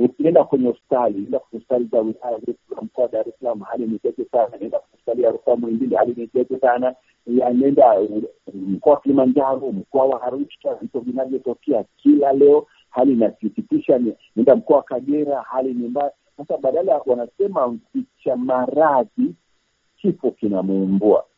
Ukienda kwenye hospitali, enda kwenye hospitali za wilaya zetu za mkoa wa Dar es Salaam, hali ni tete sana. Enda kwenye hospitali ya rufaa Muhimbili, hali ni tete sana. Anaenda uh, mkoa wa Kilimanjaro, mkoa wa Arusha, vitu vinavyotokea kila leo, hali inasikitisha. Nenda mkoa wa Kagera, hali ni mbaya. Sasa badala wanasema mficha maradhi, kifo kinamuumbua.